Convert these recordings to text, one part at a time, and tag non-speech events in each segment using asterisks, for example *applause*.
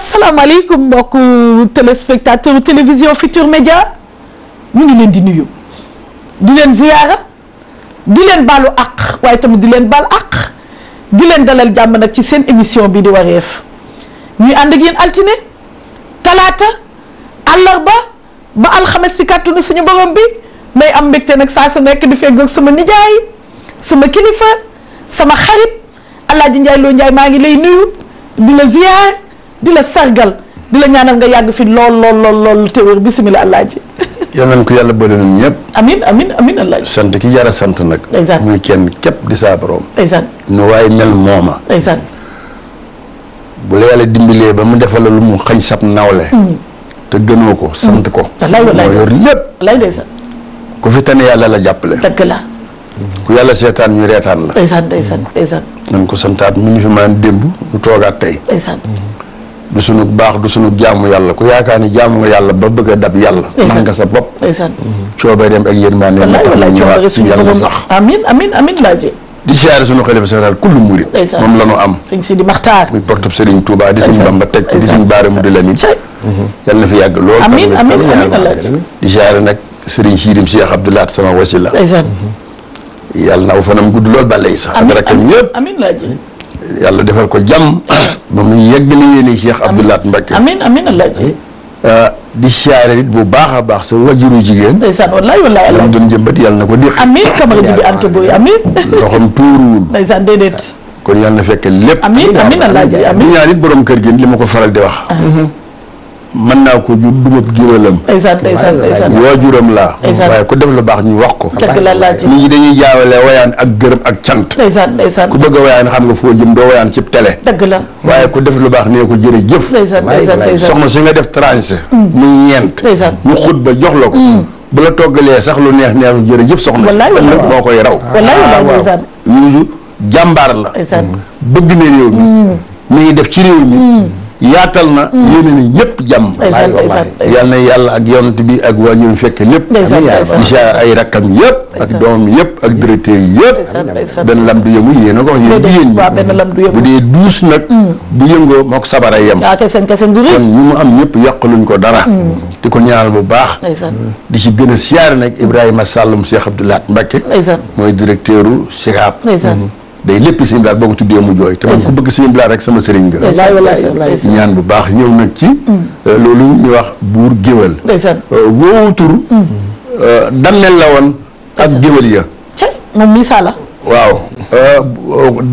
asalaamaaleykum mbokku téléspectateur télévision Futur Média ñu ngi leen di nuyu di leen ziyaara di leen baalu àq waaye tamit di leen baal àq di leen dalal jàmm nag ci seen émission bi di wareef ñuy ànd ak yéen altine talaata àllarba ba alxames si kàttanu suñu borom bi may am mbégte nag saa su nekk di sama nijaay sama kilifa sama xarit Alaaji Njaay Loo Njaay maa ngi lay nuyu di la ziyaar di la sargal di la ñaanal nga yàgg fi lool lool lool lool te wér bisimilah alaaji. yal nañ ko yàlla boole nañ ñëpp. amin amin amin alaaji. sant ki yara sant nag. exact muy kenn képp di saa borom. exact nu waaye mel mooma. bu la yàlla dimbalee ba mu defal la lu mu xañ sab nawle. Mm. te gënoo ko sant ko. walaay walaay moo yor lépp. ku fi tane yàlla la jàppale. dëgg la. ku yàlla seetaan ñu reetaan la. ndeysaan ndeysaan ndeysaan. nañ ko santaat mu ñu fi maan démb mu toogaat tey. ndeysaan. du sunu baax du sunu jaamu yàlla ku yaakaar ni jaamu nga yàlla ba bëgg a dab yàlla. man nga sa bopp. coobay dem ak yéen maa ne. wallaay wallaay yàlla sax. amiin amiin amiin laaji. di siyaare sunu xalifa général kullu murid. moom la ñu am. sëñ Sidi Maxtaar. muy portable Serigne Touba di sëñ Bamba Lamin. yàlla na fi yàgg lool. amiin amiin amiin laaji di siyaare nag Serigne Sidim Cheikh sama wasila. yàlla na aw fanam gudd lool ba lay sax. amiin yàlla defal ko jàmm *coughs* moom la ñu yeggali yéene Cheikh Abdoulaat Mbacke. amiin amiin alaaji. Eh, ah, di siyaare it bu baax a baax sa wajuru jigéen. ndeysaan wallaay wallaay alaaji lam doon jëmbat yàlla na ko déq. amiin kamara ji bi ant booy amiin. loxoom tuuruwul. ndeysaan déedéet. kon yàlla na fekk lépp. amiin amiin alaaji amiin ñaan borom kër gi li ma ko faral di wax. mën naa ko jur dugub géwélam. ndeysaan ndeysaan ndeysaan waajuram laa. waaye ku def lu baax ñu wax ko. dëgg la laaj nit ñi dañuy jaawale wayaan ak gërëm ak cant. ndeysaan ndeysaan ku bëgg a wayaan xam nga foo jëm doo wayaan ci télé. dëgg la waaye ku def lu baax nee ko jërëjëf. ndeysaan ndeysaan soxna si nga def tranché. Mm. muy ñeent. ndeysaan mu xut ba jox la ko. Mm. bu la toggalee sax lu neex neex jërëjëf soxna. wallaay wallaay moo koy raw. wallaay ah, wallaay Youssou jàmbaar la. bëgg na réew mi mu mm. ngi def ci réew mi yaatal na mm. yéene na ñëpp jàmm yal na yàlla ak yonent bi ak waajurum fekkee lépp isa ay rakkam yëpp ak doomam yëpp ak directeur yi yëpp benn lam du yëngu yéen a ko wax yéen jigéen ñi bu dee douze nag bu mm. yëngoo moo ko sabara yem kon ñi mu am ñëpp yàqaluñ ko dara mm. di ko ñaanal bu baax di si gën a siyaare nag Ibrahima Sall mu Cheikh Abdoulaye Mbacke mooy directeuru SICAP day lépp sëñ Blaat boo ko tuddee mu jooy te man ko bëgg sëñ Blaat rek sama sëriñ nga ñaan bu baax ñëw nag ci mm. euh, loolu ñu wax buur géwél euh, woowu tur mm. euh, dammel la woon ak géwél ya moom mii saala waaw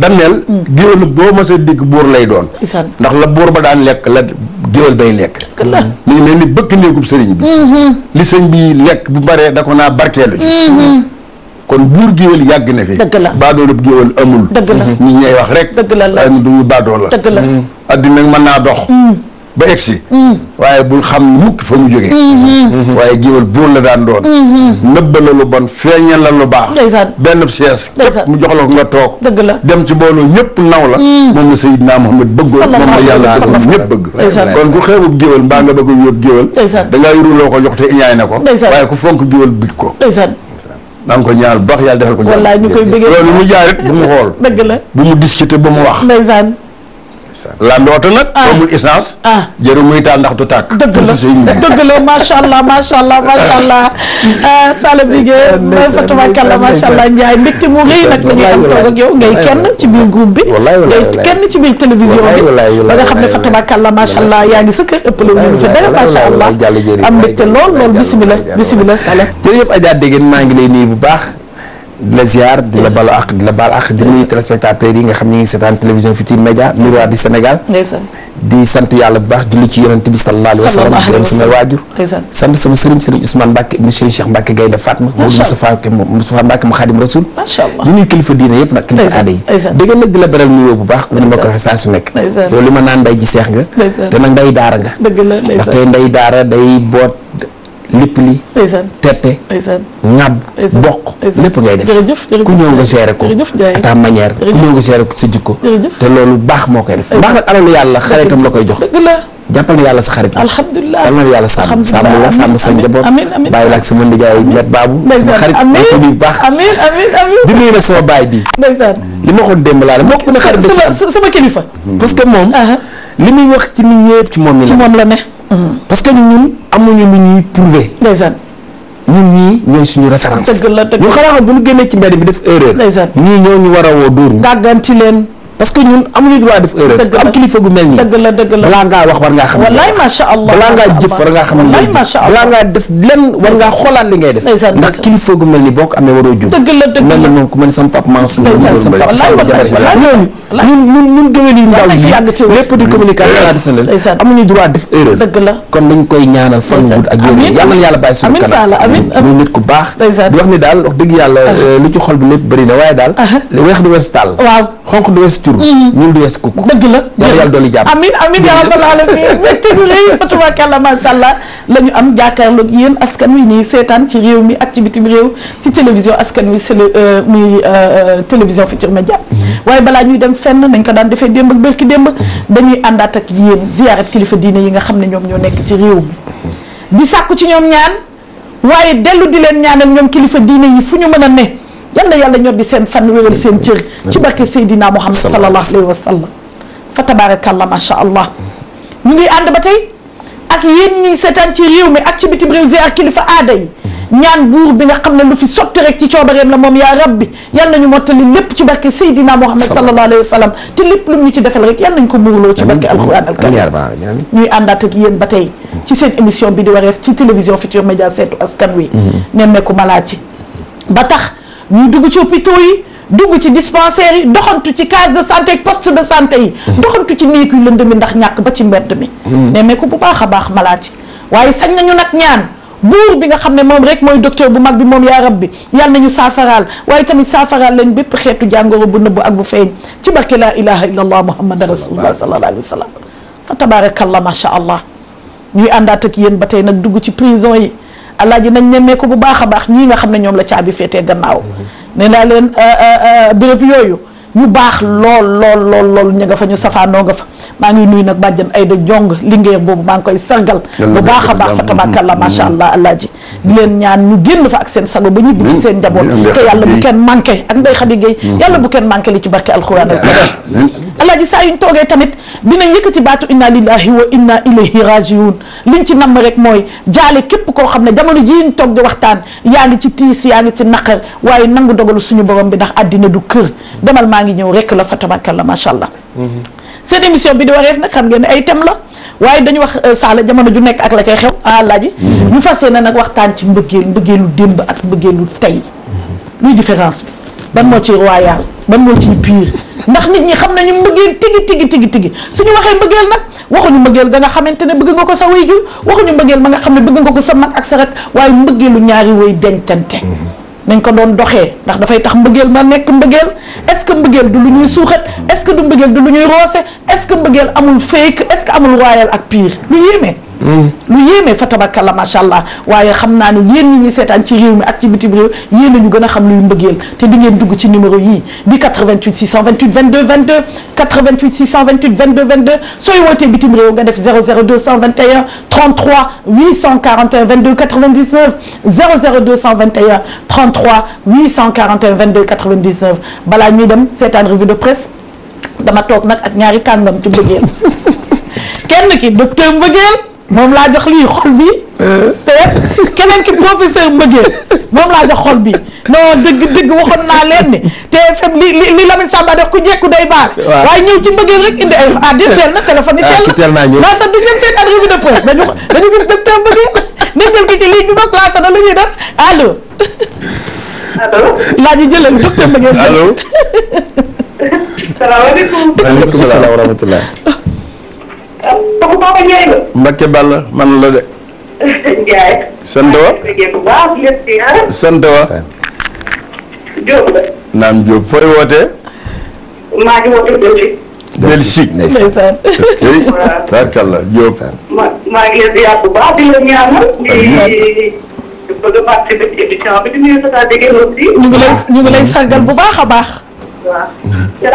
dammel géwél boo mës a dégg buur lay doon ndax la buur ba daan lekk la géwél bay lekk mu ngi mel ni bëkk néegub sëriñ bi mm-hmm. li sëñ bi lekk bu baree da ko naa barkeelu ji mm-hmm. kon buur géwél yàgg na fi. dëgg la baadoolub géwél amul. dëgg la ñi ñay wax rek. dëgg la la ñu duñu baadoo la. dëgg la addina mm. mën naa dox. Mm. ba egg si. Mm. waaye bul xam mukk fa mu jógee. Mm-hmm. Mm-hmm. waaye géwél buur la daan doon. Mm-hmm. nëbba la lu bon feeñal la lu baax. ndeysaan benn siège. képp mu jox la ko nga toog. dëgg la dem ci mbooloo ñëpp naw la. moom la Seydina Muhammad bëggoon. moom la yàlla bëggoon ñëpp bëgg. kon ku xeebub géwél mbaa nga bëgg a yóbbu géwél. ndeysaan da ngaa yoruloo ko jox te ñaay na ko. waaye ku fonk géwél bëgg ko. maa ngi ko ñaanal bu baax yàlla defal ko. wallaay ñu koy bëggee loolu mu jaar it bu mu xool. dëgg la bu mu discuter bu mu wax. ndeysaan. lamboote nag. ah amul essence. ah jëru muy taal ndax du tàkk. dëgg la dëgg la macha allah macha allah macha allah. *laughs* Ah, Sala Bigué. Fatabakalla macha allah Ndiaye mbégte mu rëy nag dañuy am toog ak yow ngay kenn kenn ci biir télévision bi. nga xam ne Fatabakalla macha allah yaa ngi sa kër ëppale wu ñu fa dara macha allah. am mbégte lool lool bisimilah bisimilah Sala. jërëjëf Adja Dégène maa ngi lay nuyu bu baax. di la ziar di la balu ak di la baal ak di nuyu téléspectateurs yi nga xam ñu ngi seetaan télévision Futurs Médias miroir du Sénégal di sant yàlla bu baax julli ci yonent bi sallallahu alayhi wa sallam gërëm sama waajur sant sama sëriñ sëriñ Ousmane Mbacke ibn Cheikh Cheikh Mbacke Gaynde Fatma Mawdo Moustapha Moustapha Mbacke mu Xaadim Rasul di nuyu kilifa diine yëpp nag kilifa aada yi dégg nag di la beral nuyoo bu baax ni ma ko saa su nekk yow li ma naan nday ji seex nga te nag nday daara lépp li tette ŋab bokk lépp ngay def ku ñëw nga gérer ko à ta manière ku ñëw nga gérer ko sa jikko te loolu baax moo koy def baax nag alalu yàlla xaritam la koy jox jàppal na yàlla sa xarit alhamdulilah yàlla na yàlla sàmm sàmm la sàmm sa njaboot bàyyi la ak sama nijaay met baabu sama xarit ma ko nuyu baax amiin amiin amiin di nuyu nag sama baay bi ndeysaan li ma ko démb laa la moo ko gën a xarit sama sama kilifa parce que moom li muy wax ci nit ñëpp ci moom la ne parce ñun amuñu lu ñuy prouver. ndeysaan. ñun ñii ñooy suñu référence. dëgg la dëgg la ñun bu ñu génnee ci mbedd bi def erreur. ndeysaan ñii ñoo ñu war a woo dóor ñu. gàgganti leen. parce que ñun amuñu droit def erreur. am na moom ku lépp di communication traditionnelle amuñu droit def erreur. dëgg la kon dañ koy ñaanal fan wu ak yéen yàlla ah. eh, lu ci xol bi lépp bëri waaye daal ah. weex du wees tàll xonq du wees tur mm-hmm. ñun du wees kukk la yàlla yàlla dooli jàmm amin amin yaa rabbal alamin mbégte bi lay la ñu am jàkkaarloog yéen askan wi nii seetaan ci réew mi ak ci bitim réew ci télévision askan wi sele euh, muy euh, euh, télévision Futurs Médias mm-hmm. waaye balaa ñuy dem fenn nañ ko daan defee démb ak bërki démb mm-hmm. dañuy àndaat ak yéen ziyaarat kilifa diine yi nga xam ne ñoom ñoo nekk ci réew mi di sàkku ci ñoom ñaan waaye dellu di leen ñaanal ñoom kilifa diine yi fu ñu mën a ne yal na yàlla ñoo seen fan wéral seen cër ci barke Seydina Muhammad sallallahu alayhi wa ngi ànd ba tey ak yéen ñi seetaan ci réew mi ak ci bitim réew ak kilifa aada yi ñaan buur bi nga xam ne lu fi sotti rek ci coobareem la moom yaa rabbi yal nañu mottali lépp ci barke Seydina Muhammad sallallahu alayhi wa sallam te lépp lu ñu ci defal rek yal nañ ko ci barke alquran alkarim ñuy àndaat ak yéen ba tey mm. ci seen émission bi di wareef ci télévision Futurs Médias seetu askan wi mm-hmm. nemmeeku malaa ci ba tax ñuy dugg ci hôpitaux yi dugg ci dispensaires yi doxantu ci case de santé ak poste de santé yi mm-hmm. doxantu ci néeg yu lënd mi ndax ñàkk ba ci mbedd mi mm-hmm. mais mais bu baax a baax malaat yi waaye sañ nañu nag ñaan buur bi nga xam ne moom rek mooy docteur bu mag bi moom yaa rab bi yal nañu saafaraal waaye tamit saafaraal leen bépp xeetu jàngoro bu nëbb ak bu feeñ ci barke laa ilaha illa allah muhammadan rasulullah sallallahu alayhi wa sallam fa tabarakallah macha allah ñuy àndaat ak yéen ba tey nag dugg ci prison yi alaaji nañ nemmeeku bu baax a baax ñii nga xam ne ñoom la caabi féetee gannaaw ne naa leen euh, euh, euh, béréb yooyu ñu baax lool lool lool lool ñu nga fa ñu safaanoo nga fa maa ngi nuyu nag bàjjan ay da jong liggéeyam boobu maa ngi koy sargal bu baax a baax fa tabaarakalla macha allah alaaji di leen ñaan ñu génn fa ak seen sago ba ñibbi ci seen njaboot te yàlla bu kenn manqué ak nday xadi géey yàlla bu kenn manqué li ci barke alxuraan al karim alaaji saa ñu toogee tamit dinañ yëkkati baatu inna lillahi wa inna ilayhi rajiun liñ ci namm rek mooy jaale képp koo xam ne jamono jii ñu toog di waxtaan yaa ngi ci tiis yaa ngi ci naqar waaye nangu dogalu suñu borom bi ndax addina du kër demal maa ngi ñëw rek la fa tabarakalla macha allah. Mm-hmm. seen émission bi di wareef nag xam ngeen ne ay tem la waaye dañu wax euh, saala jamono ju nekk ak la cay xew ah, alaaji mm-hmm. ñu fas yéene nag waxtaan ci mbëggeel mbëggeelu démb ak mbëggeelu tey mm-hmm. luy différence bi. ban moo ci royal ban moo ciy pire ndax nit ñi xam nañu mbëggeel tigi tigi tigi su ñu waxee mbëggeel nag waxuñu mbëggeel ga nga xamante ne bëgg nga ko sa wéyjur waxuñu mbëggeel ma nga xam ne bëgg nga ko sa mag ak sa rak waaye mbëggeelu ñaari way dencante nañ ko doon doxee ndax dafay tax mbëggeel ma nekk mbëggeel est-ce mbëggeel du lu ñuy suuxat est-ce que du mbëggeel du lu ñuy roose est-ce que mbëggeel amul fake est-ce que amul royal ak pire lu yéeme lu yéeme fa tabakalla macha allah waaye xam naa ne yéen ñi ñuy seetaan ci réew mi ak ci bitim réew yéen la ñu gën a xam luy mbëggeel te di ngeen dugg ci numéro yii di 88 628 22 22 88 628 22 22 sooy wootee bitim réew nga def 00 221 33 841 22 99 00 221 33 841 22 99 balaa ñuy dem seetaan revue de presse dama toog nag ak ñaari kàngam ci mbëggeel *laughs* kenn ki docteur mbëggeel. moom laa jox lii xol bi euh. te keneen ki professeur bëggee moom laa jox xol bi non dëgg dëgg waxoon naa leen ni TFM li li li Lamine Samba def ku jekku day baal. waaye ñëw ci mbëggeel rek indi ay ah di teel na téléphone yi ah, teel na. ah teel naa ñëw waaw sax du seen seen ak revue de presse dañu dañu gis docteur mbëggeel ndimgal ki ci ligne bi mag laa sonal lu ñuy def allo. allo laaj yi jëlal docteur mbëggeel. allo. *laughs* salaamaaleykum. waaleykum salaam wa rahmatulah. kooku papa Ndiaye man la de. Ndiaye. sant wa. sant wa. fooy wootee. maa ngi wootee Belgique. Belgique ndeysaan. tarkalla Diop. ma maa ngi leen di yaatu bu baax a participer ci ñu lay ñu lay sàggal bu baax a baax. waaw c'est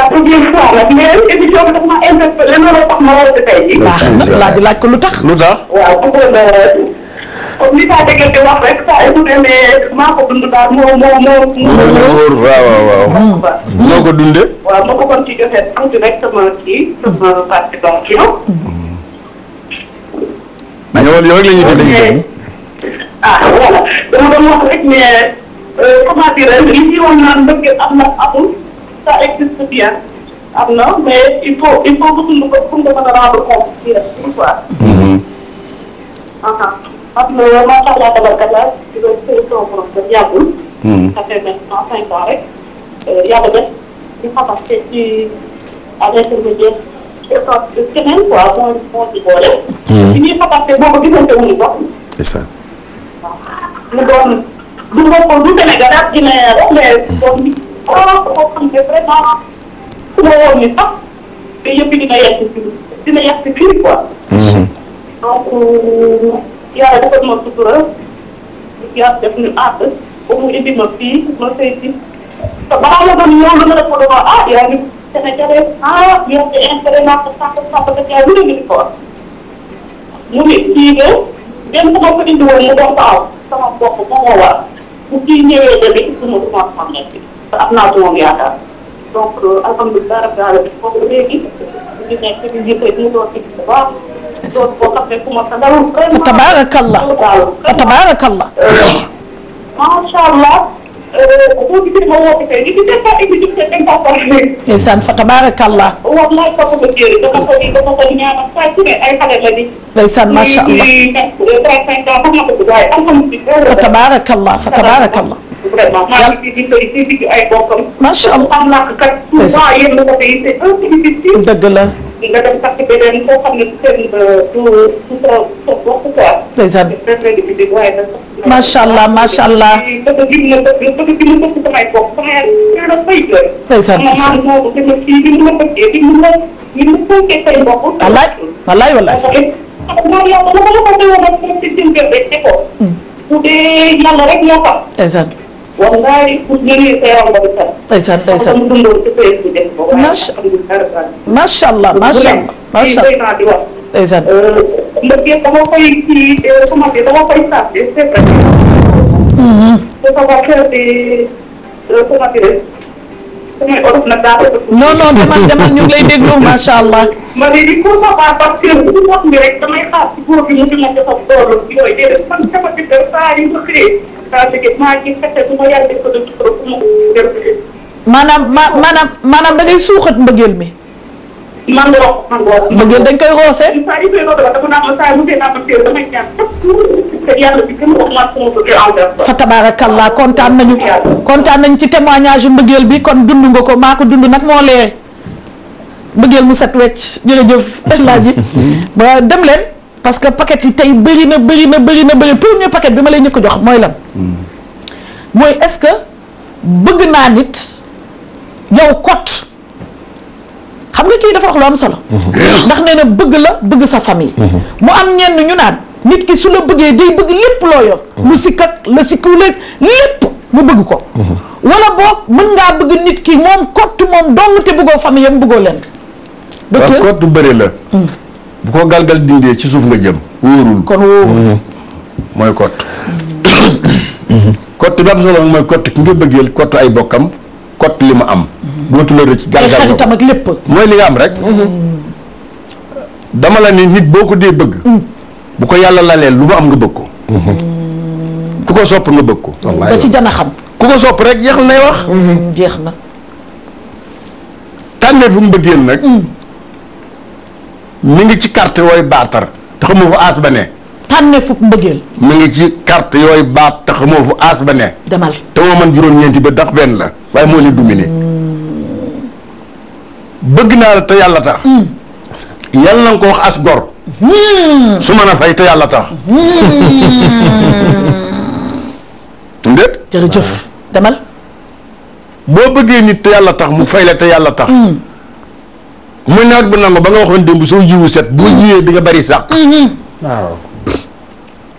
la laaj ko lu tax. lu tax waaw bëggoon na comme li saa dégg di wax rek saa yu demee maa ko dund daal moo moo moo. moo wóor waaw waaw waaw. moo ko dundee. waaw ma bëggoon ci joxe tuuti rek sama kii sama participation. ñëwal yow rek la ñuy déglu. ah voilà dama doon wax rek mais euh, comment li ci woon naan mbëgg am na amul. ça existe bien am na mais il faut il faut que ko pour nga mën a rendre compte ci yéen quoi. Mhm. am na macha allah tabarkalla di doon sëñ sama borom ba yàggul. Mhm. ça fait maintenant cinq ans rek yàlla def ñu xamante ci à l'intermédiaire keneen quoi moo moo ci boole. Mhm. ci ñuy xamante boobu gisante wuñu ko. c'est ça. mu doon du mbokk du Sénégal ak Guinée rek mais doon xoolal ko xam ne vraiment su ma woon ni sax te yëpp dina yàq ci dina yàq ci biir quoi. donc yàlla defal ma sutura yàlla def ñu ànd ba mu indi ma fii ma fay ci te balaa nga doon ñëw lu nga def ko doon ah yaa ngi Sénégalais ah yaa ngi intérêt naa ko sànq sànq da caa wér nga ni ko mu ne kii nga benn bu ma ko indi woon mu doon ko aw sama bopp moo war bu kii ñëwee demee ci sama semence xam nekk am naa ci moom yaakaar donc alhamdulilah rabbil alamin boobu léegi ñu nekk ci biir kër ñu doon ci bu baax. doon boo xam ne fu ma sa dalul vraiment fa tabaarakallah fa tabaarakallah. macha allah. boo gisee ma woote tey li ci des fois émission bi dañ ko xool léegi. ndeysaan fa tabaarakallah. wallaay kooku ma jëriñ dama ko di dama ko ñaanal saa su ne ay xale la di. ndeysaan macha allah muy muy 35 ans wax na ko bu baax alhamdulilah. fa tabaarakallah fa tabaarakallah. vraiment maa ngi di koy di di ay bokkam. macha allah xam naa kat souvent yéen la ko tey c'est un peu difficile. dëgg la. nga dem takk beneen koo xam ne seen du du sa sa bokk quoi. ndeysaan c'est très difficile waaye nag. macha allah macha allah. parce que jiw na parce que jiw na ko samay bokk sama yàlla la fay jooy. ndeysaan ndeysaan maman Maodo dama kii bi mu la bëggee bi mu la ñu mu fonkee say mbokk. wallaay wallaay wallaay. parce que loolu yow la ko la ko teewoon ak moom ci suñu gerte ko. bu dee yàlla rek ñoo xam. wallaay pour jëlee sa yaram ba allah macha allah te ça va non non demal demal ñu ngi lay déglu *laughs* macha allah. ma ne di pour papa parce que bu ñu wax ni rek damay xaar ci góor bi mu dina jox ak góor bi yooyu déedéet man sama jëkkër saa yu ma xëyee saa jóge maa ngi fekk bu ma yàlla def ko dëgg trop ma ko maanaam ma maanaam maanaam da ngay suuxat mbëggeel mi. man rox man rox. bëgg dañ koy roose. saa yu koy roose dafa te yàlla bi gën a wax sama bëggee aw kontaan nañu. kontaan nañu ci témoignage yu bi kon dund nga ko maa ko dund nag moo leer mbëggeel mu set wecc jërëjëf. alaaji *laughs* ba dem leen parce que paquet yi tey bëri na bëri na bëri na bëri premier paquet bi ma lay ñëkk jox mooy lan. Hmm. mooy est-ce que bëgg naa nit yow kot. xam nga kii dafa wax lu am solo. Mm-hmm. ndax nee na bëgg la bëgg sa famille. Mm-hmm. mu am ñenn ñu naan nit ki su la bëggee day bëgg lépp loo yor. Mm-hmm. lu sikk ak la sikkuleeg lépp mu bëgg ko. wala boog mën ngaa bëgg nit ki moom kott moom dong te bëggoo famille am bëggoo leen. docteur kott mm. bu ko galgal ci suuf nga jëm wóorul. mooy kott. Mm. *coughs* kott bi am solo mooy kott ki nga bëggeel kott ay bokkam. kot li ma am. dootu la rëcc gàllankoor ay lépp. mooy li nga am rek. Mm-hmm. dama la ni nit boo ko dee bëgg. Mm. bu ko yàlla la leen lu mu am nga bëgg ko. Mm-hmm. ku ko sopp nga bëgg ko. ba ci jana xam. ku ko sopp rek jeex nay wax. Mm-hmm. jeex na. tànnee fu mu bëggee nag. mu mm. ngi ci carte yooyu baatar te xamoo fu ba ne. tànnee fu mbëggeel. mi ngi ci carte yooyu baat te xamoo fu aas ba ne. demal te moo man juróom-ñeenti ba dax benn la. waaye moo leen dominé bëgg naa la te yàlla tax. yàlla na nga ko wax as gor. su mën a fay te yàlla tax. ndéet. cëf demal. boo bëggee nit te yàlla tax mu fay la te yàlla tax. Hmm. muy nawet bu nangu ba nga waxoon démb soo jiwu set boo hmm. jiyee di nga bari sàq. Hmm.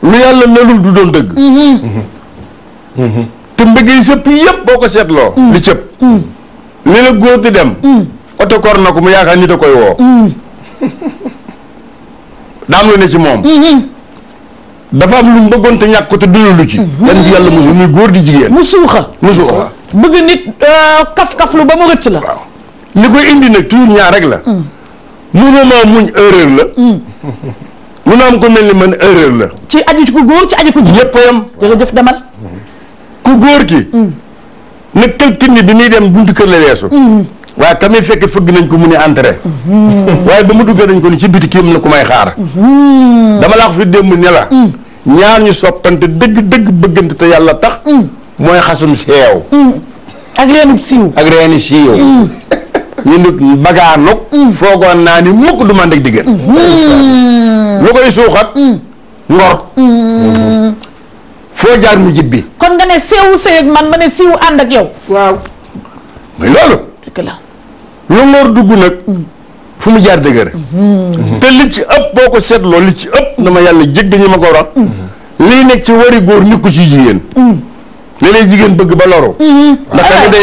lu yàlla lëlul du doon dëgg. te mbëgg yi sëpp yëpp boo ko seetloo. Mm. li cëpp. Mm. li la góor di dem. Mm. oto kor na ko mu yaakaar nit a koy woo. *laughs* daa lu ne ci moom. Mm-hmm. dafa am lu mu bëggoon te ñàkk ko te doyul lu ci. yan mm-hmm. yàlla mosul muy góor di jigéen. mu suuxa mu suuxa. bëgg nit euh, kaf-kaf lu ba mu rëcc la. waaw li koy indi nag toujours ñaar rek la. mënoo maa muñ erreur la. mënoo *laughs* am ko mel ni man erreur la. ci aju ci ko góor ci aju ko jigéen. ñëpp a yem jërëjëf demal. ku góor ki mm. na këlkin ni bi muy dem buntu kër la weesu mm. waaye tamit fekk fëgg nañ ko mu ne entré mm-hmm. waaye ba mu duggee nañ ko ni ci biti kii am na ku may xaar mm-hmm. dama laa ko fi la mm. ñaar ñu soppante dëgg dëgg bëggante te yàlla tax mooy xasum seew ak reenu siiw ak reenu siiw ñu nit bagaanuk foogoon naa ni mukk du man dëgg diggéen lu koy suuxat ngor foo jaar mu jib bi kon nga ne seewu sëy ak man ma ne siiw ànd ak yow. waaw. mais loolu. dëgg la. lu ngor dugg nag. fu mu jaar dëgër. Mm-hmm. te li ci ëpp boo ko seetloo li ci ëpp na ma yàlla jégg ñu ma ko wax. Mm-hmm. lii nekk ci wari góor ni ko ci jigéen. Mm-hmm. léeg-léeg jigéen bëgg ba loro. ndax tamit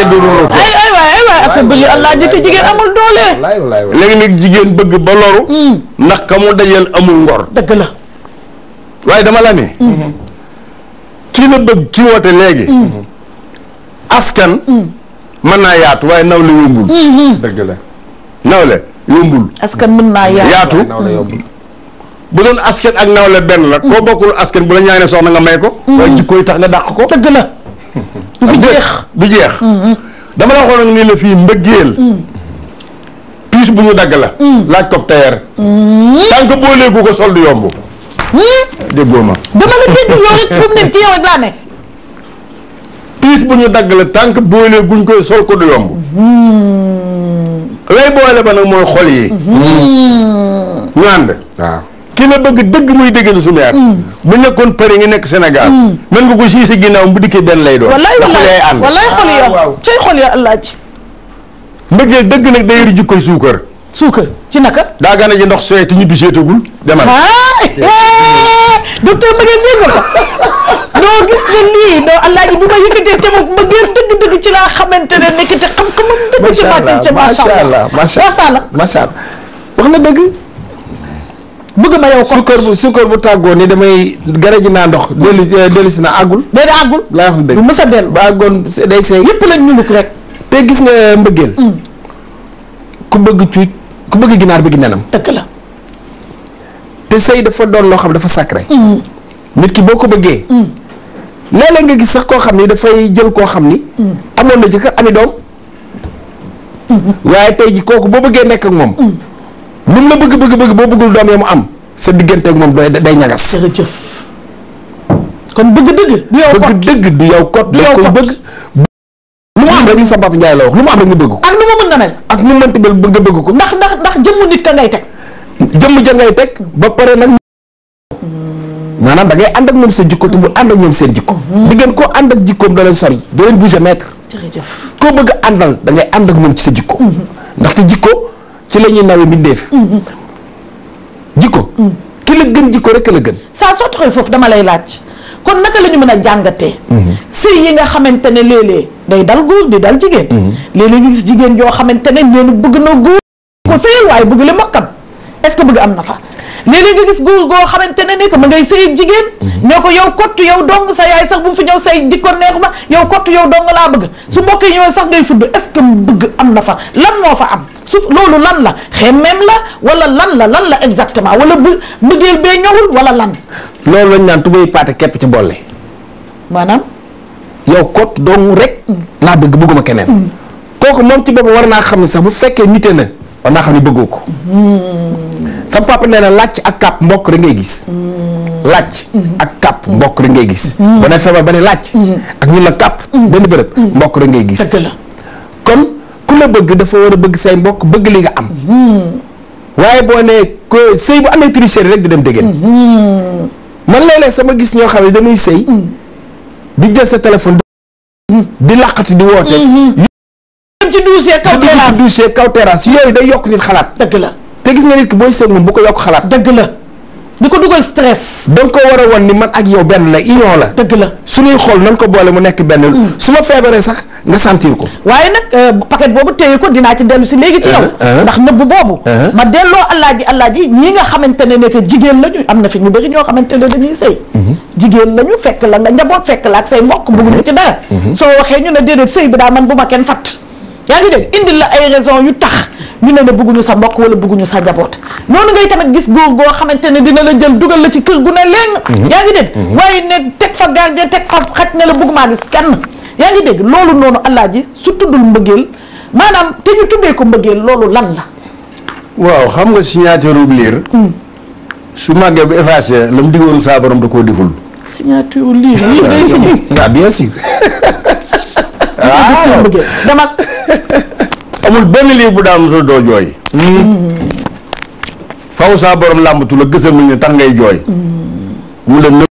jigéen amul ba loru. Mm. ndax ka mu dajeel amul ngor. dëgg la. waaye dama la ne. kii la bëgg ki woote léegi. Mm. askan. Mm. mën naa yaatu waaye nawle yombul. Mm-hmm. la nawle yombul. askan mën naa yaatu yaatu. Mm. bu doon askan ak nawle benn la. koo bokkul askan bu la ñaanee soxna nga may ko. waaye jikko yi tax nga dàq ko. dëgg la *laughs* du fi jeex du jeex. Mm-hmm. dama la waxoon ni la fii mbëggeel. piis bu ñu dagg la. laaj ko teer. Mm-hmm. tant que booleeku ko sol du yomb. déggoo ma. dama la dégg loolu fu mu ne ci yow laa nekk. piis bu ñu dagg la tànk boole guñ koy sol ko du yomb. Hmm. lay boole ba nag mooy xol yi. Hmm. ñu ànd. waaw ki la bëgg dëgg muy dëggal suñu mu hmm. bu nekkoon Paris ngi nekk Sénégal. mën nga ko sii si ginnaaw bu dikkee benn lay doon. wallaay wallaay xol yi ànd. xol yi ànd cay xol dëgg nag day yor jikkoy suukar. suukar ci naka. daa gën ji ndox sooy te ñu biseetagul demal. *laughs* docteur ma ngeen dégg ko noo gis ne lii non dëgg-dëgg ci laa xamante ne nekk te xam-xamam dëgg ci bàttin ca macha allah macha allah macha allah na bëgg ma yow ko suukar bu suukar bu tàggoo ni damay garaji naa ndox. dellu mm. dellu si na àggul. day de àggul laa wax dëgg. du mës a dellu ba àggoon day seey. yëpp lañ ñuluk rek. te gis nga mbëggeel. Mm. ku bëgg cuuc. ku bëgg ginaar bi bëgg nenam. dëgg la. te sëy dafa doon loo xam dafa sacré. nit ki boo ko bëggee. Mm. léeg nga gis sax koo xam ni dafay jël koo xam ni. Mm. amoon na jëkkër ami doom. Mm-hmm. waaye tey ji kooku boo bëggee nekk ak moom. Mm. lu mu la bëgg bëgg bëgg boo bëggul doom ya mu am sa diggante ak moom day day ñagas. jërëjëf kon bëgg dëgg. du yow kot du yow la koy bëgg. rek li sa papa Ndiaye la wax lu mu am rek nga bëgg ko. ak nu ma mën na mel. ak nu mu mënti mel nga bëgg ko. ndax ndax ndax jëmm nit ka ngay teg. jëmm ja ngay teg ba pare nag. maanaam da ngay ànd ak moom sa jikko te bu ànd ak moom seen jikko. Mm-hmm. di ngeen koo ànd ak jikkoom da leen sori. doo leen bouger mètre. koo bëgg a àndal da ngay ànd ak moom ci sa jikko. Mm-hmm. te jikko ci la ñuy nawee mbindeef. Mm-hmm. jikko. ki la gën jikko rek la gën. saa soo taxee foofu dama lay laaj kon naka la ñu mën a jàngatee. Mhm. sëy yi nga xamante ne léeg day dal góor di dal jigéen. Mhm. léeg-léeg nga gis jigéen joo xamante ne nee na bëgg na góor. ko sëyal bëgg le mokkam est-ce que bëgg am na fa léeg-léeg nga gis góor goo xamante ne ni que ma ngay sëy jigéen. ñoo mhm. ko yow kottu yow dong sa yaay sax bu mu fi ñëw say jikko neex ma yow kottu yow dong laa bëgg su mbokk yi ñëwee sax ngay fudd est que bëgg am na fa lan moo fa am su loolu lan la xemmeem la wala lan la lan la exactement wala bu bëggeel bee ñëwul wala lan. loolu lañ naan tubéy paate képp ci boole. maanaam. yow kot dong rek. laa bëgg bëgguma keneen. Hmm. kooku moom ci boppam war naa xam ne sax bu fekkee nite na war naa xam ne bëggoo ko. Hmm. sa papa nee na làcc ak kàpp mbokk rek ngay gis. Hmm. làcc ak kàpp mbokk rek ngay gis. ba ne feebar ba ne làcc. ak ñun la kàpp. benn bërëb mbokk rek ngay gis. dëgg la kon ku la bëgg dafa war a bëgg say mbokk bëgg li nga am. waaye boo ne ko sëy bu amee tricherie rek di dem déggeen. man léeg-léeg sama gis ñoo xam ne dañuy sëy mm. di jël sa téléphone di mm. làqati di woote mm-hmm. yëpp ci duusee kaw terrasse duusee kaw si yooyu day yokk nit xalaat dëgg la te gis nga nit ki booy sëy moom bu ko yokk xalaat dëgg la ni ko dugal stress. da nga ko war a wan ni man ak yow benn la union la. dëgg la suñuy xool nañ ko boole mu nekk benn. lu mm. su ma feebaree sax nga sentir ko. waaye nag euh, paquet boobu téye ko dinaa ci dellu si léegi ci yow. Uh-huh, uh-huh. ndax nëbb boobu. Uh-huh. ma delloo allaaji allaaji ñi nga xamante ne ne que jigéen la ñu am na fi ñu bëri ñoo xamante ne dañuy sëy. Mm-hmm. jigéen la ñu fekk la nga njaboot fekk la ak say mbokk. bëgguñu mm-hmm. ci dara. Mm-hmm. soo waxee ñu ne déedéet sëy bi daal man bu ma kenn fatt yaa ngi dégg indil la ay raison yu tax ñu ne la bëgguñu sa mbokk wala bëgguñu sa njaboot noonu ngay tamit gis góor goo xamante ne dina la jël dugal la ci kër gu ne léeng mhm. yaa ngi dégg mhm. waaye ne teg fa gardien teg fa xaj ne la bëggumaa gis kan yaa ngi dégg loolu noonu allah ji su tuddul mbëggeel maanaam te ñu tuddee ko mbëggeel loolu lan la waaw xam nga signature ub liir hmm. su màggee bu effacé la mu diggoon saa borom da koo deful signature liir liir day *laughs* *laughs* waaw demal amul benn lii bu daan doo jooy. Hmm. faw saa borom làmbatu la gësamuñ ne tax ngay jooy. Hmm. mu la nëb.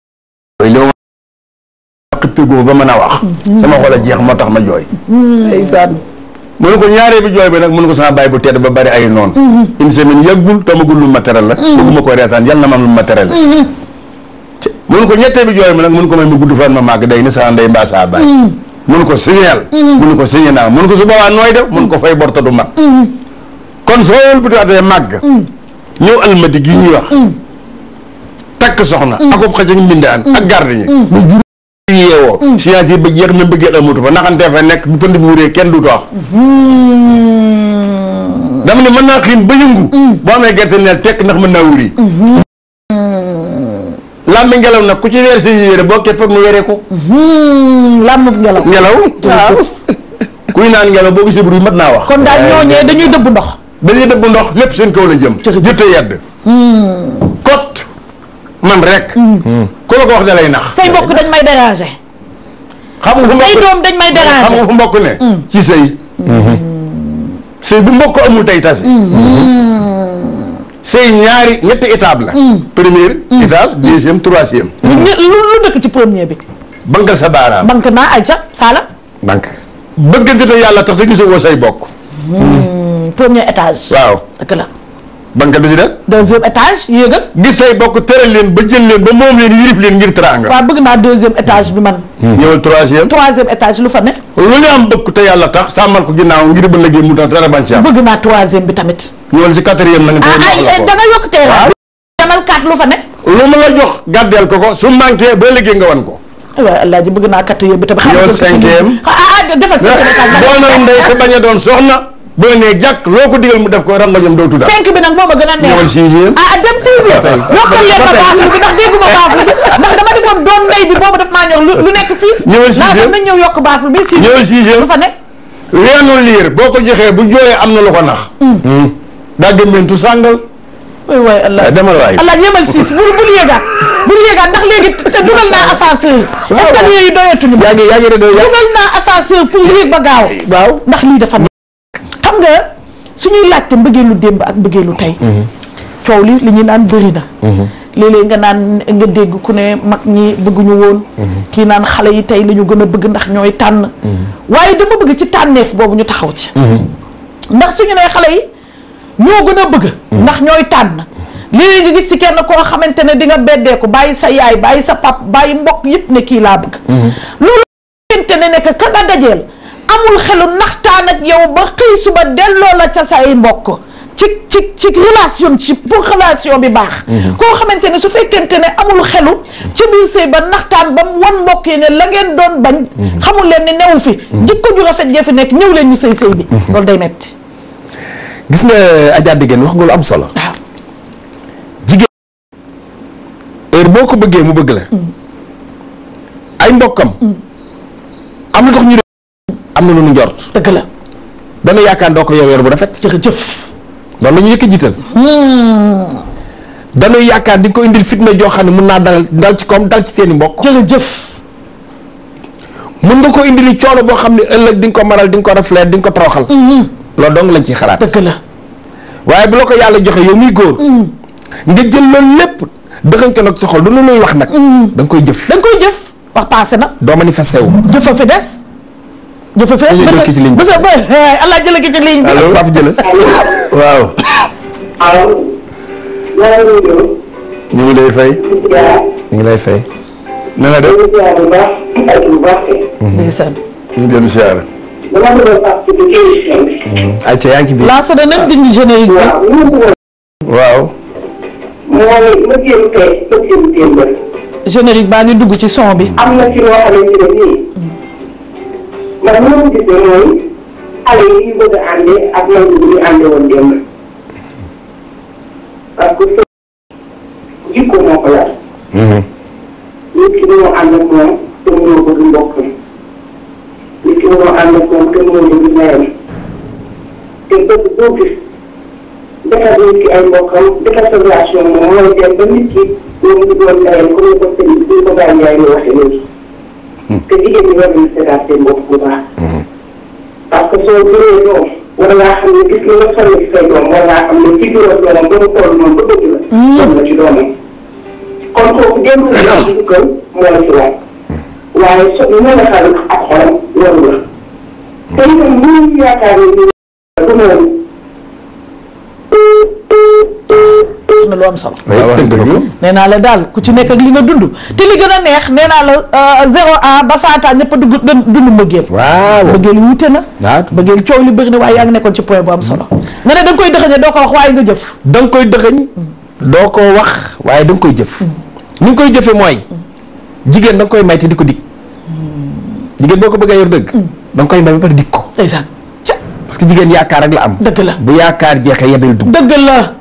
li ma xippigu a wax. Hmm. sama xol jeex moo tax ma jooy. ndeysaan. mu ko ñaaree bi jooy bi nag mu ko sama bàyyi bu tedd ba bari ay noonu. une semaine yàggul tamagul lu matériel la. bëgguma ko reetaan yàlla na ma lu matériel la. mu ne ko ñettee bi jooy bi nag mu ko may mu gudd fan ma màgg day ni saa ndey mbaa saa bàyyi. mun ko signal mm-hmm. mun ko signal naa mun ko su boobaa nooy def mun ko fay borta du mat mm-hmm. kon soo wëlbatiwaatee màgg ñëw mm-hmm. almadi gi mu wax takk soxna akob xaj ak mbindaan ak gardien bu jur yeewoo siyaas yi ba jeex na mbëggeel amatu fa naxantee fa nekk bu pënd bi wuree kenn du toox dama ne mën naa xiin ba yëngu boo amee gerte neel tekk ndax mën naa wuri làmb ngelaw nag ku ci weer sa yére boo képp mu weeree ko. Hmm, làmb ngelaw. ngelaw waaw. *laughs* kuy naan ngelaw boo gisee bruit mat naa wax. kon daal ñooñee eh, dañuy dëbb ndox. dañuy dëbb ndox lépp seen kaw la jëm. jëtte yedd. Hmm. kot man rek. Hmm. ku la ko nax. say mbokk dañ may déranger. xam nga say doom dañ may déranger xam fu mbokk ne. ci sëy sëy bu mbokk amul tey tase. c'est ñaari ñetti étape la. Mm. première. Mm. étage deuxième troisième. Mm. lu lu dëkk ci premier bi. banque sa baaraam. ka naa ay ca saala. banque. bëggante na yàlla tax te gisoo say bokk. premier étage. waaw banque bi ci étage yéegal. gis bokk tëral ba jël ba moom leen yirif leen ngir teraanga. bëgg naa deuxième étage bi man. Hmm. ñëwal troisième. étage lu fa lu ñu am bëgg te yàlla ko ginnaaw ngir ba léegi mu tax dara bëgg naa troisième bi tamit. ñëwal ci ah, ah, nga yokk teel a. demal quatre lu fa ne. lu ma la jox gàddeel ko ko su manqué ba léegi nga wan ko. bëgg naa quatrième ah, *laughs* soxna boo nee jàkk loo ko digal mu def ko ram nga ñoom doo tudda. cinq bi nag moom a gën a neex ñëwal sixième ah dem sixième yokkal leen ma baaful bi ndax dégguma baaful bi ndax dama defoon doon ndey bi boobu daf maa lu nekk six ñëwal sixième nañ ñëw yokk baaful bi sixième ñëwal sixième liir boo ko joxee bu jooyee am na lu ko nax hmm. Hmm. daa gémmentu sàngal ay waay allah eh, demal waay allah yemal siis bul bul yéegaat bul yéegaat ndax léegi te dugal naa ascenseur est-ce que yooyu doyatuñu yaa ngi yaa ngi dugal naa pour yéeg ba gaaw ndax lii dafa su ñuy suñuy laajte lu démb ak mbëggeelu tey mhm. coow li li ñuy naan bëri na mhm. léeg nga naan nga dégg ku ne mag ñi bëgguñu woon mhm. kii naan xale yi tey lañu gën a bëgg ndax ñooy tànn waaye dama bëgg ci tànneef boobu ñu taxaw ci ndax suñu nee xale yi ñoo gën a bëgg ndax ñooy tànn léeg-léeg nga gis ci kenn koo xamante ne di nga beddeeku bàyyi sa yaay bàyyi sa pap bàyyi mbokk yëpp ne kii laa bëgg loolu xamante ne nekk ka nga dajeel amul xelu naxtaan ak yow ba xëy suba delloo la ca say mbokk ci ci ci relation ci pour relation bi baax mhm. koo xamante ne su fekkente ne amul xelu ci biir sëy ba naxtaan ba mu wan mbokk yi ne la ngeen doon bañ mhm. xamul leen ne newu fi mhm. jikko ju rafet ja fi nekk ñëw leen ñu sëy sëy bi loolu day metti gis nga Adja Digène wax nga lu am solo ah. jigéen boo ko bëggee mu bëgg la mm. ay mbokkam mm. am na tax ñu am na lu nu njort. dëgg la. dana yaakaar doo ko yor yor bu rafet. jërëjëf. loolu la ñu yëkk jiital. dañuy hmm. yaakaar di ko indil fitna joo xam ne mun naa dal dal ci koom dal ci seen i mbokk. jërëjëf. mun nga ko indili coono boo xam ne ëllëg di nga ko maral di nga ko raflet di nga ko toroxal. Hmm. loolu dong lañ ciy xalaat. dëgg la. waaye bu la ko yàlla joxe yow muy góor. Hmm. nga jël loolu lépp dëxañ ko nag sa xol du lu wax nag. da koy jëf. da koy jëf wax passé na. doo manifesté wu. dafa fees ba ci ligne bi ba ba allah jëlee ki ci ligne bi. allo Pape Jële waaw. ñu ngi lay fay. ñu ngi lay fay. na nga def. Mhm. ndeysaan. ñu ngi dellu siyaare. Mhm. ayca yaa ngi ci biir. laasa dugg ci son bi. am man li ma gisee mooy xale yi bëgg a àndee ak man bu ñu àndee woon démb parce que jikko moo ko yar. Mhm. nit ki mënoo ànd ak moom te mënoo bëgg mbokkam nit ki mënoo ànd ak moom te mënoo bëgg mayam te bëgg boo gis defar nit ki ay mbokkam defar sa relation moom mooy dem ba nit ki ñoom ñu doon mayam comme ni ko sëñ bi ko bàyyi yaay ñu waxee léegi. que jigéen ñi war nañu seetaat seen bopp bu baax. parce que soo juree doom war ngaa xam ne gis nga la sonn ci say doom war ngaa xam ne ci juróom doomam ba mu toll noonu ba bëgg la. Mm. doom la ci doomam. kon kooku démb bi am ci kër moo la ci laaj. waaye so ñoo la xam ak xolam loolu la. te itam ñu yaakaar ne bu noonu. wax na lu am solo. Ah, nee naa la daal ku ci nekk li nga dund. te li gën a neex nee naa la euh, zéro a ba saata ñëpp a dugg dund mbëggeel. waaw mbëggeel wuute na. waaw mbëggeel coow li bëri na waaye yaa ngi nekkoon ci point bu am solo. nga ne da koy dëxëñee doo ko wax waaye da nga koy dëxëñ. doo ko wax waaye da koy jëf. ni nga koy jëfee mooy. jigéen da koy may te di ko dig. jigéen boo ko bëggee yor dëgg. da nga koy may ba pare dig ko. exact parce jigéen yaakaar rek la am. dëgg la bu yaakaar jeexee yebel dugg. dëgg la.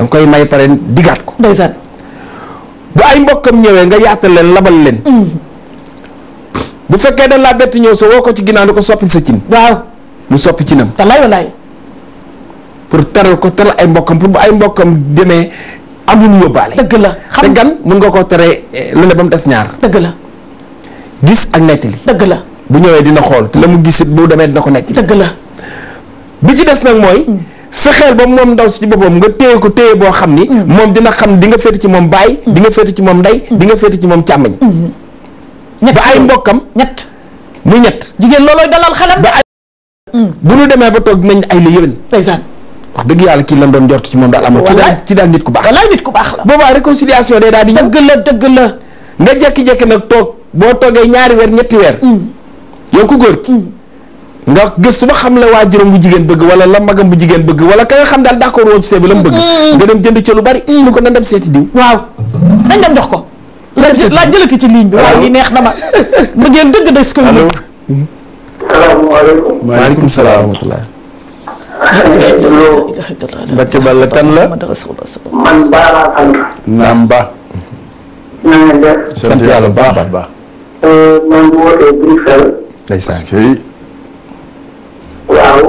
da koy may pare digaat ko. ndeysaan bu ay mbokkam ñëwee nga yaatal leen labal leen. Mm. bu fekkee dañ laa bett ñëw sa ko ci ginnaaw di ko soppi sa cin. waaw mu soppi cinam. talaay walaay. pour teral ko teral ay mbokkam pour bu ay mbokkam demee am lu ñu yóbbaale. dëgg la xam gan mun nga koo teree eh, lu ne ba mu des ñaar. dëgg la. gis ak nettali. dëgg la bu ñëwee dina xool te la mu gis it bu demee dina ko nettali. dëgg la bi ci des nag mooy. Mm. fexeel ba moom ndaw si ci boppam nga téye ko téye boo xam ni mm. moom dina xam di nga féete ci moom baay mm. di nga ci moom ndey mm. dinga nga ci moom càmmañ ba ay mbokkam ñett mu ñett jigéen loolooy dalal xelam ba ay bu ñu demee ba toog nañ ay la yëwén ndeysaan wax dëgg yàlla kii lan doon jort ci moom daal amul ci daal ci daal nit ku baax walaay nit ku baax la boobaa réconciliation day daal di dëgg la dëgg la nga jekki-jekki nag toog boo toogee ñaari weer ñetti weer yow ku góor ki nga gëstu ba xam la waajuram bu jigéen bëgg wala la magam bu jigéen bëgg wala ka nga xam daal d'accord woon ci sëy bi la mu bëgg nga dem jënd ci lu bari lu ko na dem seeti diw waaw nañ dem jox ko laa jële ko ci ligne bi neex na ma *laughs* bëggeen dëgg des koy allo salaamaaleykum maaleykum salaam wa rahmatulah bàcc balla kan la man baaba kan naam ba na nga baax a baax man bu wootee Bruxelles ndeysaan waaw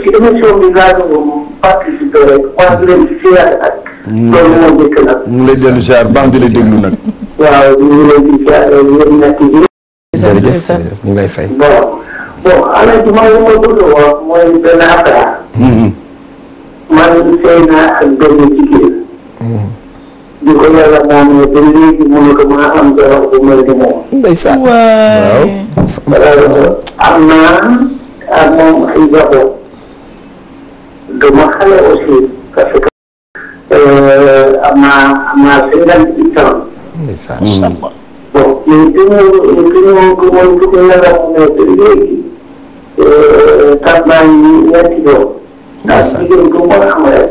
ci émission bi laaj moom participé rek wax leen si ak. loolu moo njëkk nag. ñu ngi lay dellu ziar baax di la déglu nag. waaw ñu ngi leen di ziar yéen ñett yi. jërëjëf ñu ngi lay fay. bon bon alaaji maa ngi ma bëgg a wax mooy benn affaire. man sëy naa ak benn jigéen. di ko yàlla moom ba léegi mënu ko maa am dara bu mel ni moom. ndeysaan waaw. am naa. ah moom xëy ko dama xale aussi parce que am naa am naa cinquante huit ans. incha allah. bon mais du ma du ma du ma du ma la waxoon léegi tàmbali yi ñetti doom. ndax jigéen bu ma xam rek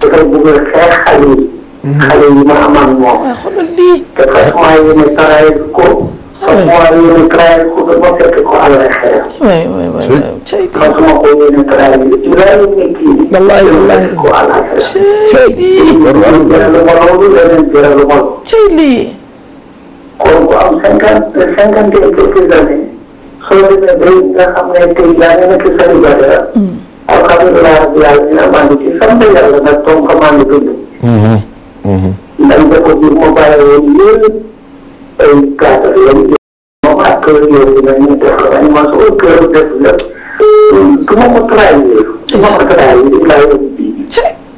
dafay bëgg a xeex xale yi. xale yi ma amal moom. te vraiment yéen a ko. waaw waaw ñu ngi traité ko ba ma fekk ko àll ak xeer. waay waay waay waay cay bi. man sama koo yéene traité bi Ibrahima nekk kii. wallaahi wallaahi ko àll ak xeer. cay bii. loolu beneen lu bon loolu beneen beneen lu bon. cay lii. kon ku am cinquante cinquante et quelques années. soo demee ba nga xam ne tey yaa ngi nekk célibataire. alhamdulilah bi yàlla dina màndi ci sant yàlla nag toog ko màndi dund. ndax ko biir ma bàyyi woon yéen. ay cadre lañ moom ak kër yooyu la ñuy def la man ma soo kër def la du ma ko trahir du ma ko trahir laa yor bii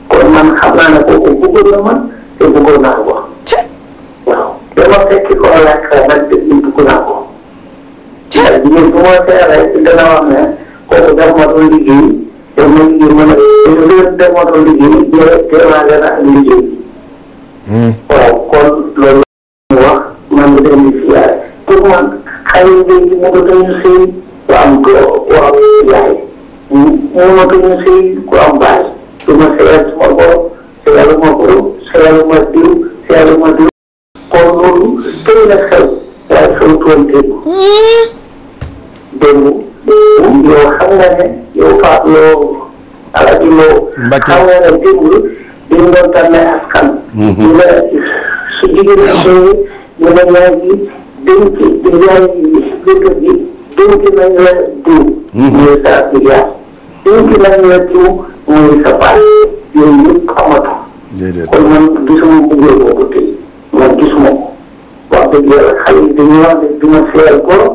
kon man xam naa ne kooku bëggoon na man te bëggoon naa ko waaw dama fekki ko laaj xel nag te bëgg naa ko ndax jigéen bu ma seeree dana wax ne kooku daf ma doon liggéey daf ma liggéey ma ne daf ma doon liggéey te te maa gën a liggéey waaw xale yu bëri mu ko dañu sëy ku am doo ku am yaay mu ma dañu sëy ku am baay su ma sëyal su ma borom sëyalu ma borom sëyalu ma diw sëyalu ma diw kon loolu tëj na xew yaa xew toon démb démb yow xam nga ne yow Pape loo Alaaji loo xam nga ne démb li mu doon tànnee askan ñu mhm. ne su jigéen ñi ñu ne ñaar denc di jaay dëkk bi denc nañ la diw. muy sa milliard denc nañ la diw muy sa baay yooyu yëpp amatul. déedéet kon man gisuma bëggee boobu tey man gisuma ko wax dëgg yàlla xale yi dañuy wax ne dina seer goro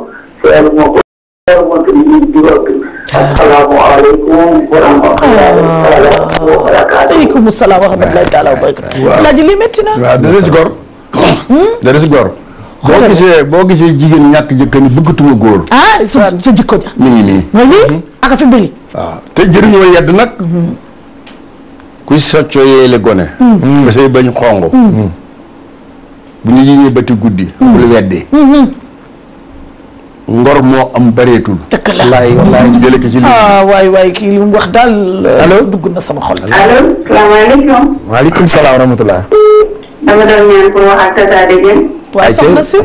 seer ma ko seer ma ko di di wax asalaamaaleykum wa rahmatulah wa barakaatu. waaleykum salaam wa rahmatulah taala wa barakaatu. waaw laaj li métti na. waaw dana si gor. dana si gor. boo gisee boo gisee jigéen ñàkk jëkkër ni bëggatuma góor. ah sa sa jikko ja. mi ngi nii. ma lii mhm. aka fi bëri. waaw ah, te jëriñoo yedd nag. Mhm. kuy soccoo yeele gone. nga mhm. say bañ xongo. bu ñu yéegee bati guddi. bul weddi. ngor moo am bareetul. dëgg la wallaay wallaay ci lii. ah waay kii li mu wax daal. Euh, allo dugg na sama xol. allo salaamaaleykum. waaleykum salaam wa rahmatulah. dama doon ñaan pour wax ak Tata Degene. waaye soxna si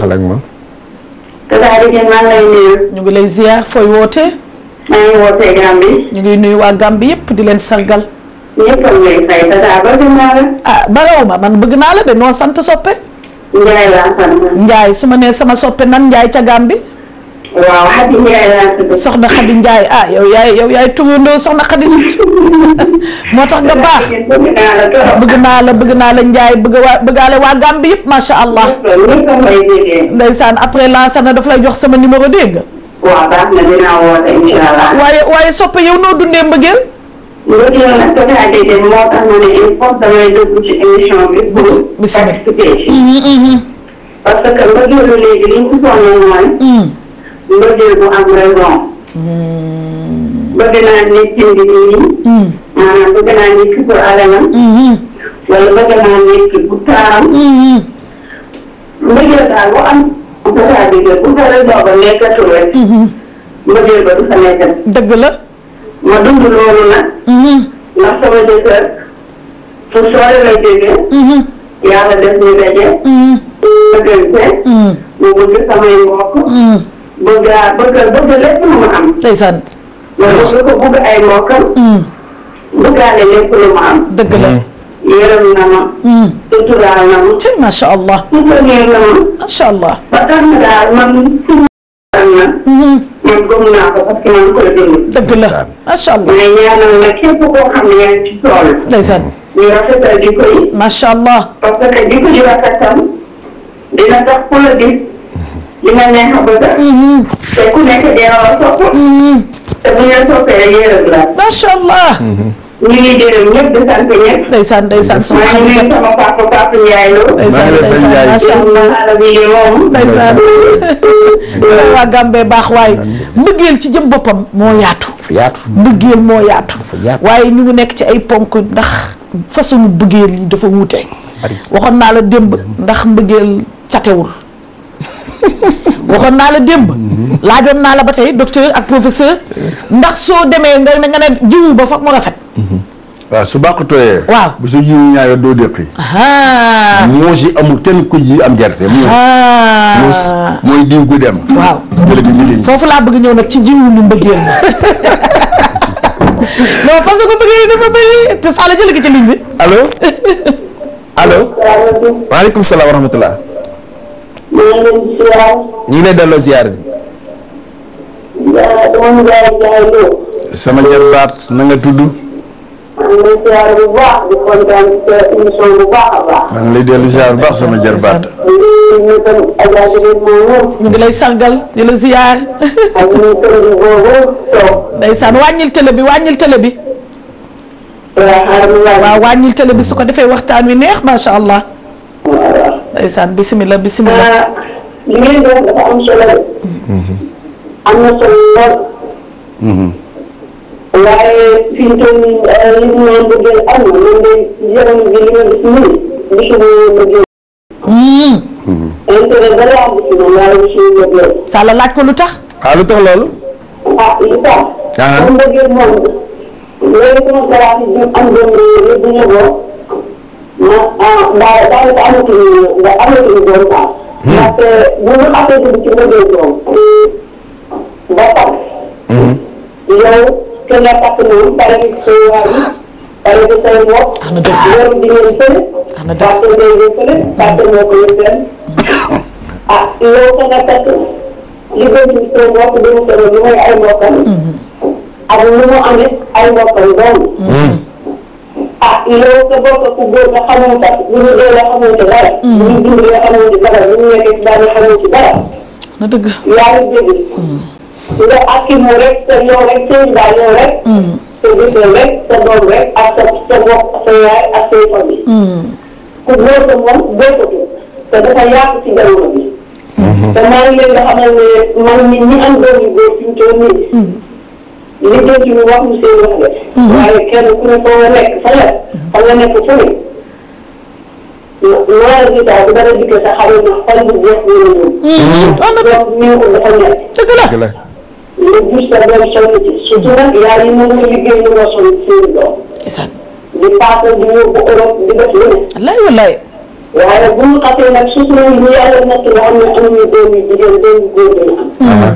ñu ngi lay ziar fooy wootee. ñu ngi nuyu waa Gambie yépp di leen sargal. ñëpp a ngi ah, man bëgg naa la de noo sant soppe. Njaay laa sant. Njaay su ma nee sama soppe nan Njaay ca Gambie. waaw Khady Ndiaye laa tudd. soxna Khady Ndiaye ah yow yaay yow soxna Khady *laughs* moo tax nga baax bëgg naa la bëgg naa la Ndiaye bëgg waa bëggaale waa Gàmbi yëpp macha allah. ndeysaan après Lansana daf lay jox sama numéro dégg nga. waaw baax na dinaa woote incha allah. waaye waaye soppe yow noo dundee mbëggeel. mbëggeel nag dafa laa déggee moo tax mbëggeel bu am raison. Hmm. naa nit indi nii. Hmm. maanaam bëgg naa nit ki bu alalam. Hmm. wala bëgg naa nit ki bu taaram. mbëggeel daal bu am. bu saa déggee bu ko rek doo ko nekkatul rek. mbëggeel ba du fa nekkal. dëgg la. ma dund loolu nag. ndax sama jëkkër fu sore la jógee. yàlla def ñu daje. bëggante. mu bëgg samay mbokk. bëgg a bëgg lu mu am. ndeysaan. loolu nga ko bëgg ay mbokkam. Mm. bëggaale lu mu am. dëgg la. Mm. yërëm ma. Mm. suturaal na ma. tey allah. ma. macha allah. ba tax na daal man suñu na. Mm-hmm. man gëm naa ko parce que man ko la déglu. dëgg allah. mais ñaanal na képp koo ci tool. ndeysaan. ñu rafetal jikko yi. macha allah. parce que jikko ji rafetal dina li ma neex a bëgg. te ku nekk dina la sopp. te bu ñu la soppee rek yërëb waa Gambe baax waaye mbëggeel ci jëm boppam moo yaatu. yaatu mbëggeel moo yaatu. waaye ñu ngi nekk ci ay ponk ndax façon bëggeel yi dafa wuute. waxoon naa la démb ndax mbëggeel catewul. *laughs* waxoon naa la démb. Mhm. laajoon naa la ba tey docteur ak professeur. ndax soo demee nga ne nga ne jiwu ba foog mu rafet. Mhm. waaw su baax tooyee. waaw bu su jiwu ñaawee doo déqi. muus yi amul kenn ku ji am gerte. mooy diw gu dem. waaw foofu laa bëgg ñëw nag ci jiwu ñu mbëggeel *laughs* non parce que bëggee dafa bëri te Sall jëlee ko ci ligne bi. allo allo. waaleykum salaam wa ñu ngi leen di ziar. ñu ngi sama jarbaat na nga tudd. maa ngi lay ziar bu dellu ziar baax sama jarbaat. ñu ngi lay sargal di la ziar. ndeysaan wàññil télé bi wàññil télé bi. waaw bi su ko defee waxtaan wi neex macha allah. ndeysaan bisimilah bisimilah. li ah, ngeen doon dafa am solo de. am na solo lool. waaye fi mu toll nii ah, li mu hmm. lu tax. Ah, ma ah daanaka amatuñu amatuñu doon quoi. parce que bu ñu xasee dugg ci mbirum doom. ba tax. yow te nga takk noonu pare bi sa waa ji pare bi say mbokk. loolu di ngeen fële. parce que ngay ngay fële parce que moo ko yëppeel. ah yow te nga takk li gën ci sa mbokk bi mu tëral li mooy ay mbokkam. ak lu mu amee ay mbokkam doom. yow sa bokk ku góor nga xamante bu ñu dee xamoo ci dara. bu ñu dundee xamoo ci dara bu ñu na dëgg. yaa ngi dégg. nga mm. akimu rek sa yow rek seen daal sa gisee rek mm. sa doom rek ak sa sa bokk sa yaay ak say mm. ku góor sa moom bokkatu te dafa yaatu ci jamono bi. te maa ngi leen man nit ñi am doom yu góor liggéey bi wax mu seen wax def. Mhm. waaye kenn ku ne foo nekk fa la fa nga nekk fu ne. loolu résultat bu dara dikkee sa xarit na xol bu jeex ñu mhm. ne ñoom. donc ñu ko dafa nekk. dëgg la dëgg la. lu gis sa doom sonn ci surtout nag yaa yi mën nga liggéey ñu nga sonn seen doom. di paase di yóbbu Europe di def lu ne. wallaay wallaay. waaye bu ñu xasee nag surtout ñu yàlla natt loo xam ne amuñu doom yu jigéen doom yu góor dañu am. Mhm.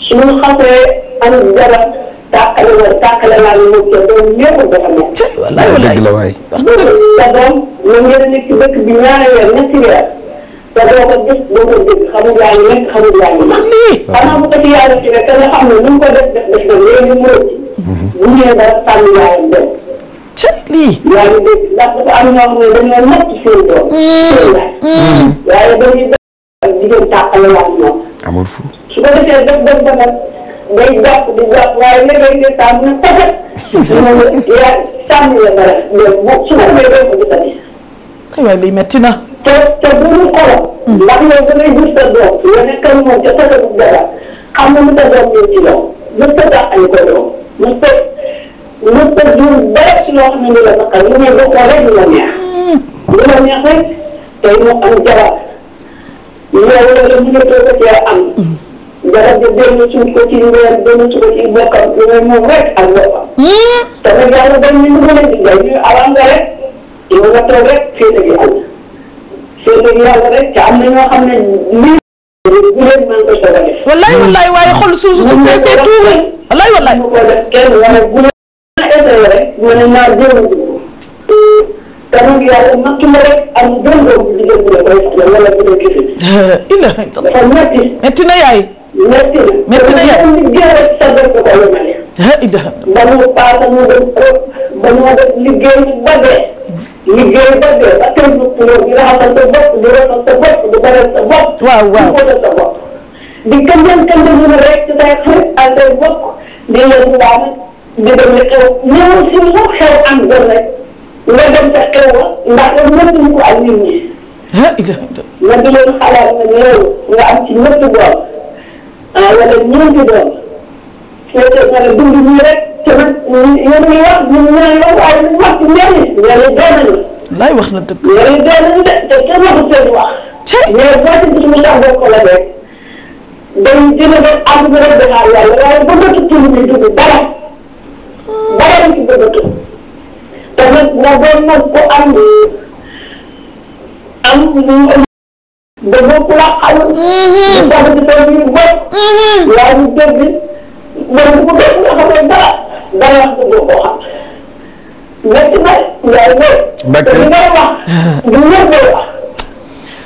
suñu xasee am jabar tàqale wala tàqale naa ne moom seen doom ñëpp dafa nekk. wallaay wallaay dëgg la waay. sa doom na ngeen nekk ci dëkk bi ñaari weer ñetti weer te doo ko gis doo ko dégg xamul yaa ngi nekk xamul yaa ngi naan. xanaa bu ko ci yàlla ci rek nga xam ne nu mu ko def def def def léegi mu rëcc. Mhm. bu ñëwee ba sànni yaayam dem. ca lii. yaa ngi dégg ndax dafa am ñoo xam ne dañoo natt seen doom. waaye mm. mm. dañuy def jigéen tàqale waat moom. amul fu. su ko defee def def ba nag. day jàpp di jàpp waaye léeg-léeg day tàmm na tafet. *laughs* yaa sàmm la dara bu su ko defee doo ko gisati. waaye liy métti na. te te bu dul xoolal. Hmm. ndax yow da ngay gis sa doom. nga nekkal moom ca tasa bu dara xam nga mu sa doom ñëw ci yow. mës ta dàqali ko doom. mës ta mës ta jur dara ne ni la naqar li mu am jabar. yow la a toog a am. Hmm. garab gi benn suuf ko ci weer benn suuf ko ci bokkam lu may moom rek ak boppam. Hmm? te nag yàlla bañ ñu mën a digal ñu awan nga rek ci mën a toog rek féete gi yàlla féete gi yàlla rek te am na ñoo xam ne lii bu leen mën ko soog a def. wallaay wallaay waaye xol suuf su feesee tuur wallaay wallaay mu ko def kenn wala bu leen essayé rek mu ne naa jëloon dugub te nag yàlla natt ma rek am gëm-gëm bu jigéen bu la koy wala bu la gisee. *laughs* dafa metti metti na yaay. métti na métti na yàlla li rek sa bopp ko lu ma neex. ba mu paase mu dem ba mu liggéey ba dee. liggéey ba dee ba tey bu tudd di raxasal sa bopp di raxasal sa bopp di baral sa bopp. waaw waaw di wóotal sa bopp. di këndal këndal mu rek ci say xarit ak say bopp di leen daan di dem li xew ñëw si lu xew am gën rek nga dem sa xew wa ndax mënatuñ ko ak nit ñi. nga di leen xalaat ne yow nga am ci ñetti góor. ah wala ñeenti doom fekkee nga ne dund nii rek te man yéen ñi wax ñun ñooy wax waaye wax ci mbéy mi ñooy doon nañu. wax na dëgg. ñooy doon nañu de wax. ci mais boo ci gis mu tax boo ko la rek day dina bi rek dina am yàlla waaye bi dugg dara dara la ci bëggatu te nag nga doon nag ku am dañoo mhm. mhm. ko laqal. ñu tax a gisoo ñu bët. waaye ñu dégg loolu bu dee nga xam ne dara dara du ko xam. métti na yaay loolu. mbàkk te li ngay wax. du ñëpp lay wax.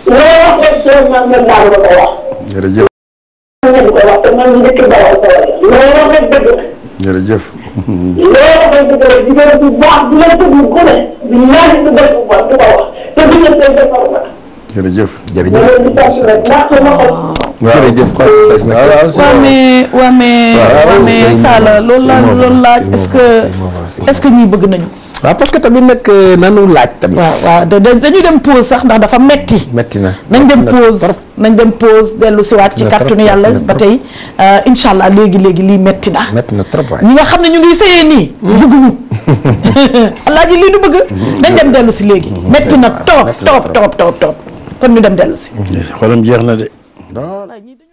loo wax rek seen man man daal ma ko wax. jërëjëf. ngeen ko wax te man njëkk bawal ko wax. loo wax rek dëgg la. jërëjëf. loo wax rek dëgg la jigéen bu baax bi la déglu ku ne. bi ñaari bu def bu baax du ko wax te bu ñëpp lay defar jërëjëf. jërëjëf jërëjëf kon fees na. waaw mais waaw mais. loolu la loolu laaj est-ce que est-ce que ñii bëgg nañu. waaw ah, parce que tamit nag euh, nanu laaj tamit. waaw waaw dañu dem pause sax ndax dafa metti metti na nañ dem pause nañ dem pause dellu siwaat ci kàttanu yàlla ba tey euh, incha allah léegi léegi lii metti na. metti na trop waay nga xam ne ñu ngi sëyee nii. Mm. bëgguñu *laughs* alaaji lii nu bëgg. Mm. nañ dem dellu si léegi. Mm. metti na trop trop trop trop. kon ñu dem dellu si. xoolam jeex na de.